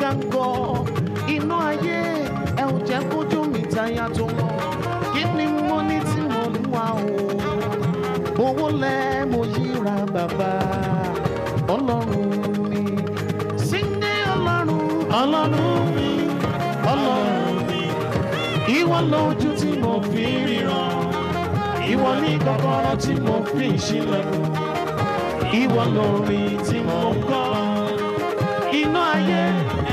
gàngọ inú ayé ẹ ò jẹ́ kójú mi táyà tó lọ kí ni mo ní tí mo mú wa o owó lẹ mo yíra bàbá ọlọ́run mi síndé ọlọ́run ọlọ́run mi ọlọ́run mi ìwọ lójú tí mo fi ríran ìwọ ní kọ́kọ́rọ́ tí mo fi ṣílẹ̀kùn ìwọ lórí tí mo kọ́ iná ayé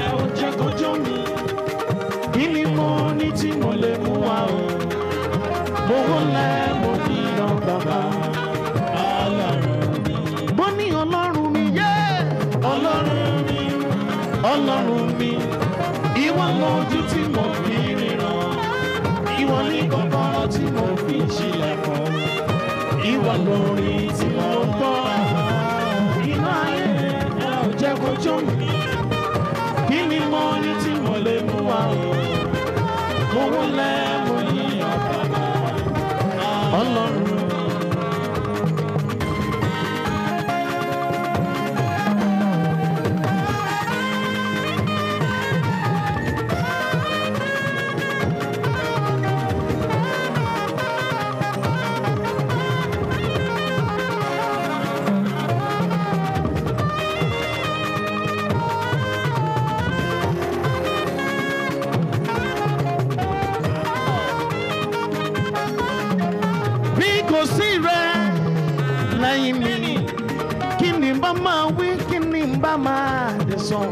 ẹ ò jẹ́ kó mi kí ni mo ní tí mo lè mú wa o mo wọlé mo ní ìran bàbá ọlọ́run mi. mo ní ọlọ́run mi yé ọlọ́run mi ọlọ́run mi ìwọ lójú tí mo fi ríran ìwọ ní kọ́kọ́rọ́ tí mo fi ṣílẹ̀kùn ìwọ lórí tí mo gbọ́. kí ni mo ní tí mo lè mú wa o mo wọlé. Kinibama, we Kinibama, the song.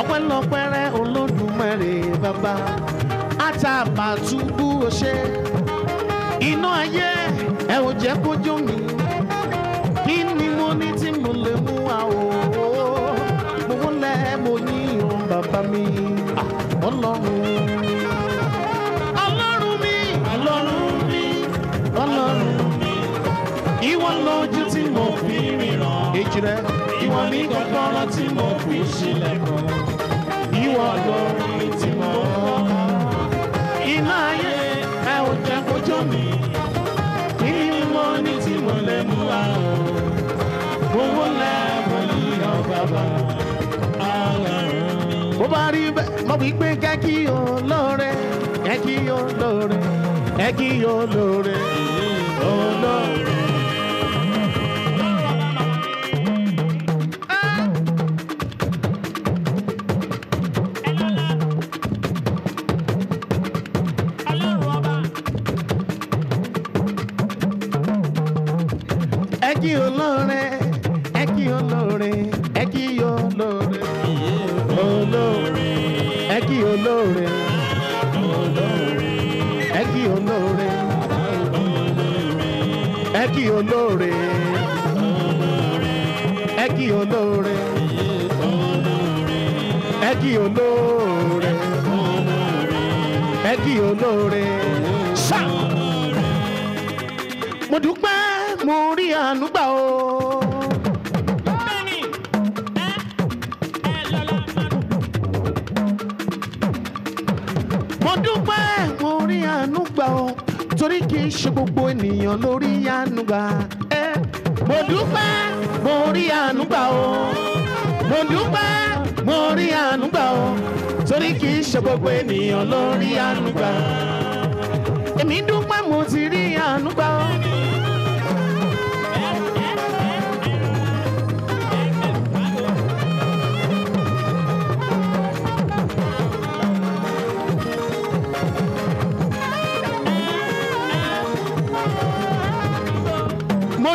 Ọpẹ́lọ pẹ́rẹ́ Olódùmarè bàbá. Àtàbàtúbú ṣe. Iná ayé ẹ ò kójú mi. Kí ni mo ní tí mo lè mú wa o? Mo lẹ́ mo bàbá ah, mi. Ọlọ́run mi. Ọlọ́run mi. kejì rẹ. ìwọ ní kọ́kọ́rọ́ tí mo fi ṣílẹ̀kùn ìwọ lórí tí mo kọ́. iná ayé ẹ ò jẹ́ kójó mi kí ni mo ní tí mo lè mú àrùn owó lẹ́ẹ̀mọ́ yíyan bàbá àrùn. bó bá rí bẹ́ẹ̀ mo wí pé kẹ́kí olóore kẹ́kí olóore kẹ́kí olóore. kí olóore ẹ kí olóore ẹ kí olóore ẹ kí olóore ẹ kí olóore ẹ kí olóore ṣá mo dúpẹ́ mo rí àánú gbà kì í ṣe gbogbo ènìyàn lórí àánú gbà. ẹ mo dúpẹ́ mo rí àánú gbà o mo dúpẹ́ mo rí àánú o torí kì í ṣe gbogbo ènìyàn lórí àánú èmi dúpẹ́ mo ti rí àánú o.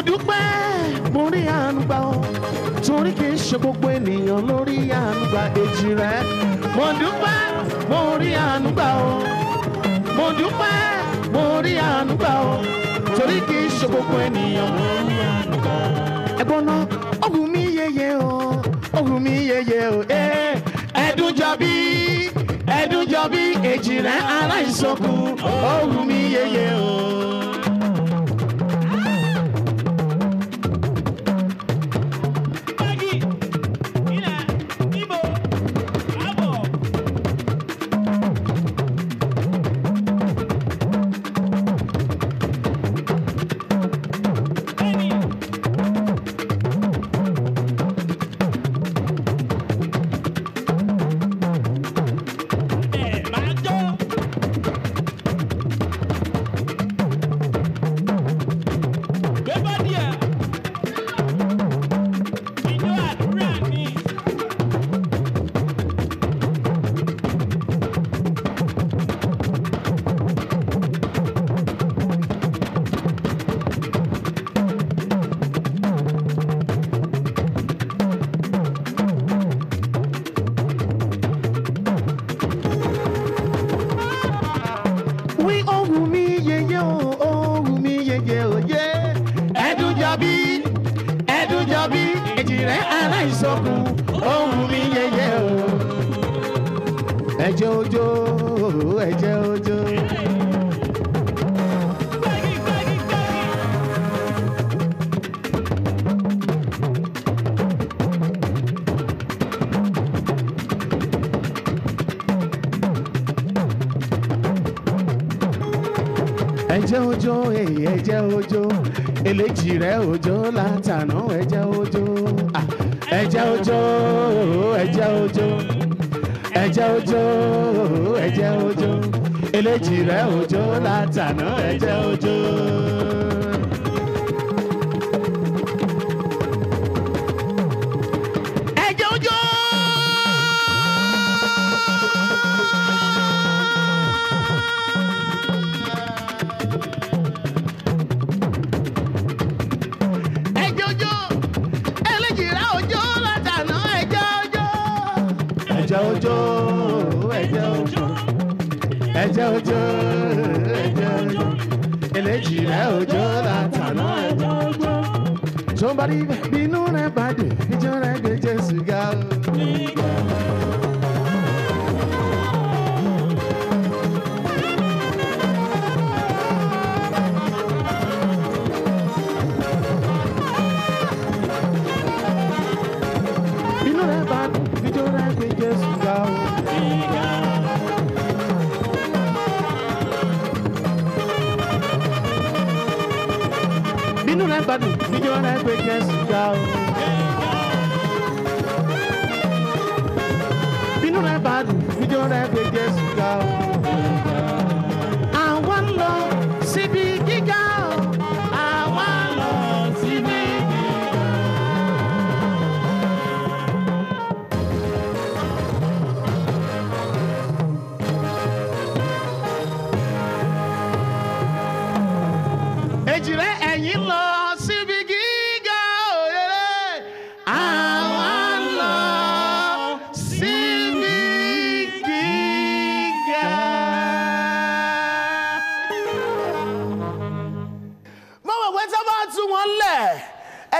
dúpẹ́ mo rí àánú gbà ọ́ torí kì í ṣe gbogbo ènìyàn ló rí àánú gbà èjì rẹ mo dúpẹ́ mo rí àánú gbà mo dúpẹ́ mo rí àánú gbà torí kì í ṣe gbogbo ènìyàn ló rí ẹ̀gbọ́n náà ogun mi yeye o ogun mi yeye o ẹ̀ẹ́dùn jọ bí ẹ̀ẹ́dùn jọ bí èjì rẹ aláìsọkù ogun mi yeye o. rẹ̀ aláìsọkùn ohun mi yẹyẹ o. ẹ̀jẹ̀ ojó ẹ̀jẹ̀ ojó. ẹ̀jẹ̀ ojó ẹ̀jẹ̀ ojó eléjì rẹ̀ òjò látànà ẹ̀jẹ̀ òjò ẹ̀jẹ̀ òjò ẹ̀jẹ̀ òjò ẹ̀jẹ̀ òjò ẹ̀jẹ̀ òjò eléjì rẹ̀ òjò látànà ẹ̀jẹ̀ òjò. ẹ̀jẹ̀ òjò ẹ̀jẹ̀ òjò ẹ̀jẹ̀ òjò ẹ̀jẹ̀ òjò eléjì rẹ̀ òjò látàná ẹ̀jẹ̀ òjò. somebody bínú rẹ̀ bàdé ìjọ rẹ̀ gbé jésù ga gbádùn níjẹ́ wọn ẹgbẹ́ jẹ́ sùgá o. inú rẹ̀ bá dùn níjẹ́ wọn ẹgbẹ́ jẹ́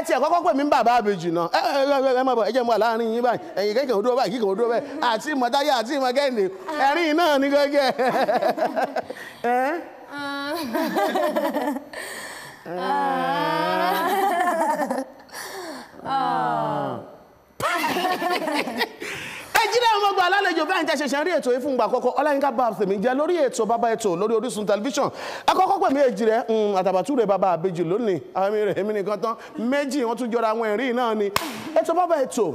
ti ẹ̀ kọ́kọ́ pè mí bàbá àbèjì náà ẹ ẹ ẹ mọ̀ bọ̀ ẹ jẹ́ mọ̀ láàrin yín báyìí ẹ̀yìn kékeré òdúró báyìí kíkẹ́ òdúró bẹ́ẹ̀ àti mọ̀táyà àti mọ̀kẹ́ndé ẹ̀rín náà ní gẹ́gẹ́. bẹ́ẹ̀ ṣẹ̀ṣẹ̀ rí ètò yìí fún ìgbà àkọ́kọ́ ọláyínká bá tèmi jẹ́ lórí ètò bàbá ètò lórí orísun tẹlifíṣàn akọ́kọ́ pẹ̀lú èjì rẹ̀ mm, àtàbàtúrè bàbá àbejì lónìí àwọn èmi rẹ̀ èmi nìkan tán méjì wọ́n tún jọra àwọn ẹ̀rí náà ni ètò bàbá ètò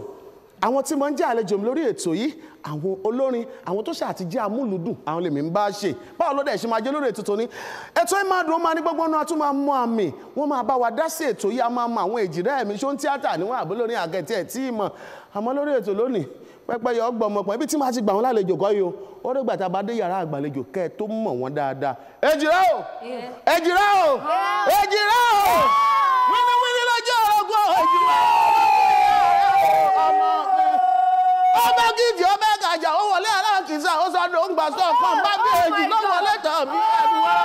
àwọn tí mo ń jẹ́ àlejò mi lórí ètò yìí àwọn olórin àwọn tó ṣàti jẹ́ amúlùdùn àwọn lèmi ń bá ṣe báwo ló dẹ̀ ṣe máa jẹ́ lórí ètò tòní ètò yìí máa dùn ó máa ní gbogbo náà tún máa mọ àmì wọ́n máa bá wa dá sí ètò yìí a máa mọ àwọn èjì rẹ̀ mi ṣó ń tíátà níwọ̀n àbólórin àgẹ̀tì tí ì mọ̀ àmọ́ lórí ètò lónìí pẹ́pẹ́yẹ ọgbọ̀mọpọ̀ ibi tí máa ti gbà wọ́n lálejò kọ́ yìí o ó dẹ́gbà tá a bá dé yàrá àgbàlejò kẹ́ ẹ tó mọ̀ wọ́n dáadáa. èjìrá o èjìrá o èjìrá o wíní wíní lọ́jọ́ ọgbọ́n èjìrá o ọmọ gidi ọmọ ẹ̀gàjà ó wọlé aláàkísà ó sọ ọdún ògbà sọ ọkàn bá bí èjì ló wọlé tàbí ẹ̀dùn wọ́n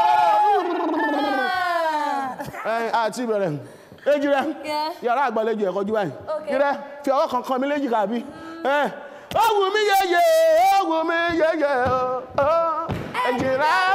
àti ìbẹ̀rẹ̀ èjìrá yàrá àgbàlejò ẹ̀kọ́jú báyìí kí rẹ fi ọwọ́ kankan mi léjìká bí. Mm. Oh woman, yeah, yeah. Oh woman, yeah, yeah. Oh, and ẹ̀jẹ̀ rẹ̀.